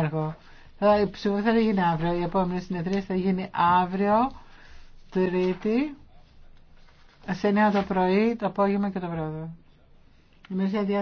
έργο. Η ψηφοφορία θα γίνει αύριο. Η επόμενη συνεδρία θα γίνει αύριο, Τρίτη, σε 9 το πρωί, το απόγευμα και το βράδυ.